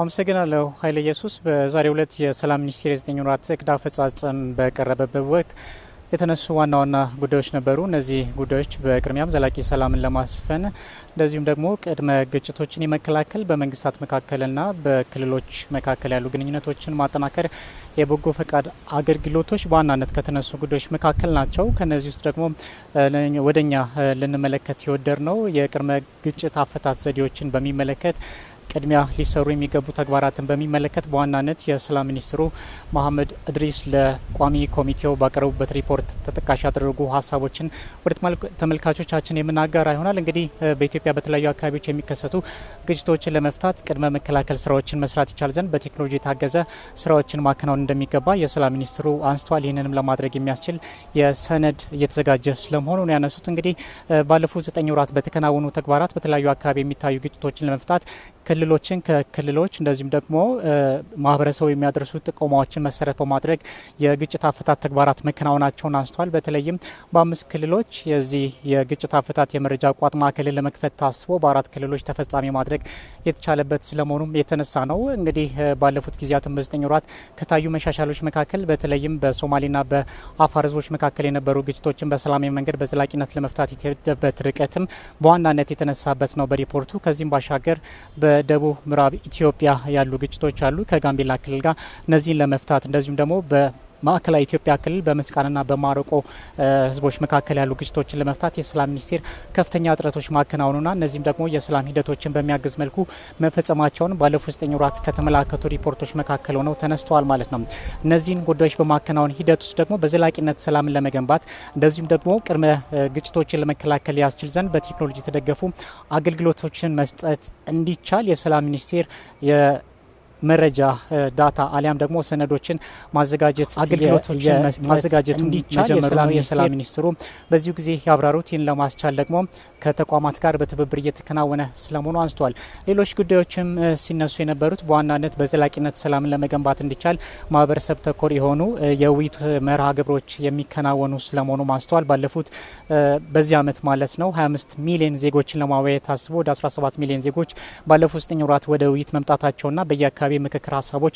አመሰግናለሁ ኃይለ ኢየሱስ። በዛሬው ዕለት የሰላም ሚኒስቴር የዘጠኝ ወራት እቅድ አፈጻጸም በቀረበበት ወቅት የተነሱ ዋና ዋና ጉዳዮች ነበሩ። እነዚህ ጉዳዮች በቅድሚያም ዘላቂ ሰላምን ለማስፈን እንደዚሁም ደግሞ ቅድመ ግጭቶችን የመከላከል በመንግስታት መካከልና በክልሎች መካከል ያሉ ግንኙነቶችን ማጠናከር፣ የበጎ ፈቃድ አገልግሎቶች በዋናነት ከተነሱ ጉዳዮች መካከል ናቸው። ከነዚህ ውስጥ ደግሞ ወደኛ ልንመለከት የወደር ነው የቅድመ ግጭት አፈታት ዘዴዎችን በሚመለከት ቅድሚያ ሊሰሩ የሚገቡ ተግባራትን በሚመለከት በዋናነት የሰላም ሚኒስትሩ መሐመድ እድሪስ ለቋሚ ኮሚቴው ባቀረቡበት ሪፖርት ተጠቃሽ ያደረጉ ሀሳቦችን ወደ ተመልካቾቻችን የምናጋራ ይሆናል። እንግዲህ በኢትዮጵያ በተለያዩ አካባቢዎች የሚከሰቱ ግጭቶችን ለመፍታት ቅድመ መከላከል ስራዎችን መስራት ይቻል ዘንድ በቴክኖሎጂ የታገዘ ስራዎችን ማከናወን እንደሚገባ የሰላም ሚኒስትሩ አንስተዋል። ይህንንም ለማድረግ የሚያስችል የሰነድ እየተዘጋጀ ስለመሆኑ ነው ያነሱት። እንግዲህ ባለፉት ዘጠኝ ወራት በተከናወኑ ተግባራት በተለያዩ አካባቢ የሚታዩ ግጭቶችን ለመፍታት ክልሎችን ከክልሎች እንደዚሁም ደግሞ ማህበረሰቡ የሚያደርሱ ጥቆማዎችን መሰረት በማድረግ የግጭት አፈታት ተግባራት መከናወናቸውን አንስተዋል። በተለይም በአምስት ክልሎች የዚህ የግጭት አፈታት የመረጃ ቋት ማዕከልን ለመክፈት ታስቦ በአራት ክልሎች ተፈጻሚ ማድረግ የተቻለበት ስለመሆኑም የተነሳ ነው። እንግዲህ ባለፉት ጊዜያትም በዘጠኝ ወራት ከታዩ መሻሻሎች መካከል በተለይም በሶማሌና በአፋር ህዝቦች መካከል የነበሩ ግጭቶችን በሰላማዊ መንገድ በዘላቂነት ለመፍታት የተሄደበት ርቀትም በዋናነት የተነሳበት ነው በሪፖርቱ ከዚህም ባሻገር በደቡብ ምዕራብ ኢትዮጵያ ያሉ ግጭቶች አሉ ከጋምቤላ ክልል ጋር እነዚህን ለመፍታት እንደዚሁም ደግሞ ማዕከላዊ ኢትዮጵያ ክልል በመስቃንና በማረቆ ህዝቦች መካከል ያሉ ግጭቶችን ለመፍታት የሰላም ሚኒስቴር ከፍተኛ ጥረቶች ማከናወኑና እነዚህም ደግሞ የሰላም ሂደቶችን በሚያግዝ መልኩ መፈጸማቸውን ባለፉት ዘጠኝ ወራት ከተመላከቱ ሪፖርቶች መካከል ሆነው ተነስተዋል ማለት ነው። እነዚህን ጉዳዮች በማከናወን ሂደት ውስጥ ደግሞ በዘላቂነት ሰላምን ለመገንባት እንደዚሁም ደግሞ ቅድመ ግጭቶችን ለመከላከል ያስችል ዘንድ በቴክኖሎጂ የተደገፉ አገልግሎቶችን መስጠት እንዲቻል የሰላም ሚኒስቴር መረጃ ዳታ አሊያም ደግሞ ሰነዶችን ማዘጋጀት አገልግሎቶችን ማዘጋጀት እንዲቻል የሰላም ሚኒስትሩ በዚሁ ጊዜ ያብራሩት። ይህን ለማስቻል ደግሞ ከተቋማት ጋር በትብብር እየተከናወነ ስለመሆኑ አንስተዋል። ሌሎች ጉዳዮችም ሲነሱ የነበሩት በዋናነት በዘላቂነት ሰላምን ለመገንባት እንዲቻል ማህበረሰብ ተኮር የሆኑ የውይይት መርሃ ግብሮች የሚከናወኑ ስለመሆኑ አንስተዋል። ባለፉት በዚህ ዓመት ማለት ነው 25 ሚሊዮን ዜጎችን ለማወያየት ታስቦ ወደ 17 ሚሊዮን ዜጎች ባለፉት 9 ወራት ወደ ውይይት መምጣታቸውና በየአካባቢ የግንዛቤ ምክክር ሀሳቦች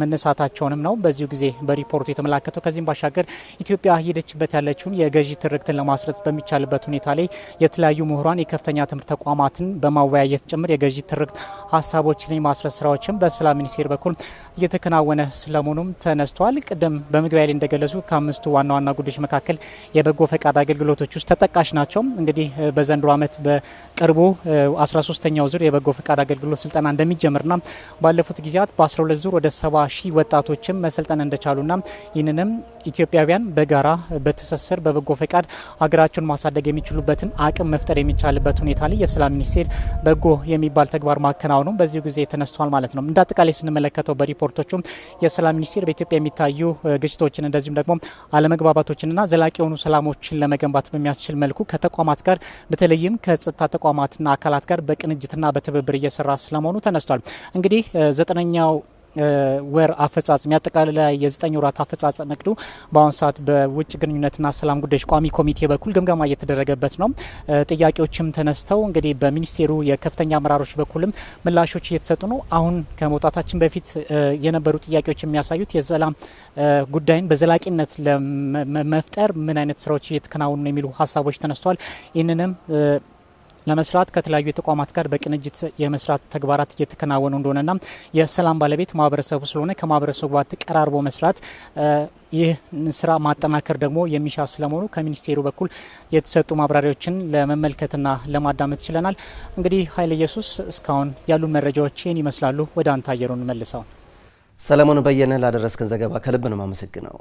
መነሳታቸውንም ነው በዚሁ ጊዜ በሪፖርቱ የተመላከተው። ከዚህም ባሻገር ኢትዮጵያ ሄደችበት ያለችውን የገዢ ትርክትን ለማስረጽ በሚቻልበት ሁኔታ ላይ የተለያዩ ምሁራን የከፍተኛ ትምህርት ተቋማትን በማወያየት ጭምር የገዢ ትርክት ሀሳቦችን የማስረጽ ስራዎችም በሰላም ሚኒስቴር በኩል እየተከናወነ ስለመሆኑም ተነስቷል። ቅድም በመግቢያ ላይ እንደገለጹ ከአምስቱ ዋና ዋና ጉዳዮች መካከል የበጎ ፈቃድ አገልግሎቶች ውስጥ ተጠቃሽ ናቸው። እንግዲህ በዘንድሮ ዓመት በቅርቡ 13ኛው ዙር የበጎ ፈቃድ አገልግሎት ስልጠና እንደሚጀምርና ባለፉት ጊዜያት በ12 ዙር ወደ 70 ሺህ ወጣቶችም መሰልጠን እንደቻሉና ይህንንም ኢትዮጵያውያን በጋራ በትስስር በበጎ ፈቃድ ሀገራቸውን ማሳደግ የሚችሉበትን አቅም መፍጠር የሚቻልበት ሁኔታ ላይ የሰላም ሚኒስቴር በጎ የሚባል ተግባር ማከናወኑ በዚሁ ጊዜ ተነስቷል ማለት ነው። እንደ አጠቃላይ ስንመለከተው በሪፖርቶቹም የሰላም ሚኒስቴር በኢትዮጵያ የሚታዩ ግጭቶችን እንደዚሁም ደግሞ አለመግባባቶችንና ዘላቂ የሆኑ ሰላሞችን ለመገንባት በሚያስችል መልኩ ከተቋማት ጋር በተለይም ከጸጥታ ተቋማትና አካላት ጋር በቅንጅትና በትብብር እየሰራ ስለመሆኑ ተነስቷል። እንግዲህ ዘጠነኛው ወር አፈጻጸም ያጠቃለለ የዘጠኝ ወራት አፈጻጸም እቅዱ በአሁኑ ሰዓት በውጭ ግንኙነትና ሰላም ጉዳዮች ቋሚ ኮሚቴ በኩል ግምገማ እየተደረገበት ነው። ጥያቄዎችም ተነስተው እንግዲህ በሚኒስቴሩ የከፍተኛ አመራሮች በኩልም ምላሾች እየተሰጡ ነው። አሁን ከመውጣታችን በፊት የነበሩ ጥያቄዎች የሚያሳዩት የሰላም ጉዳይን በዘላቂነት ለመፍጠር ምን አይነት ስራዎች እየተከናወኑ ነው የሚሉ ሀሳቦች ተነስተዋል። ይህንንም ለመስራት ከተለያዩ የተቋማት ጋር በቅንጅት የመስራት ተግባራት እየተከናወኑ እንደሆነና የሰላም ባለቤት ማህበረሰቡ ስለሆነ ከማህበረሰቡ ጋር ተቀራርቦ መስራት ይህ ስራ ማጠናከር ደግሞ የሚሻ ስለመሆኑ ከሚኒስቴሩ በኩል የተሰጡ ማብራሪያዎችን ለመመልከትና ለማዳመጥ ችለናል። እንግዲህ ኃይለ ኢየሱስ እስካሁን ያሉ መረጃዎች ይህን ይመስላሉ። ወደ አንተ አየሩን መልሰው ሰለሞን በየነ ላደረስክን ዘገባ ከልብ ነው ማመሰግነው።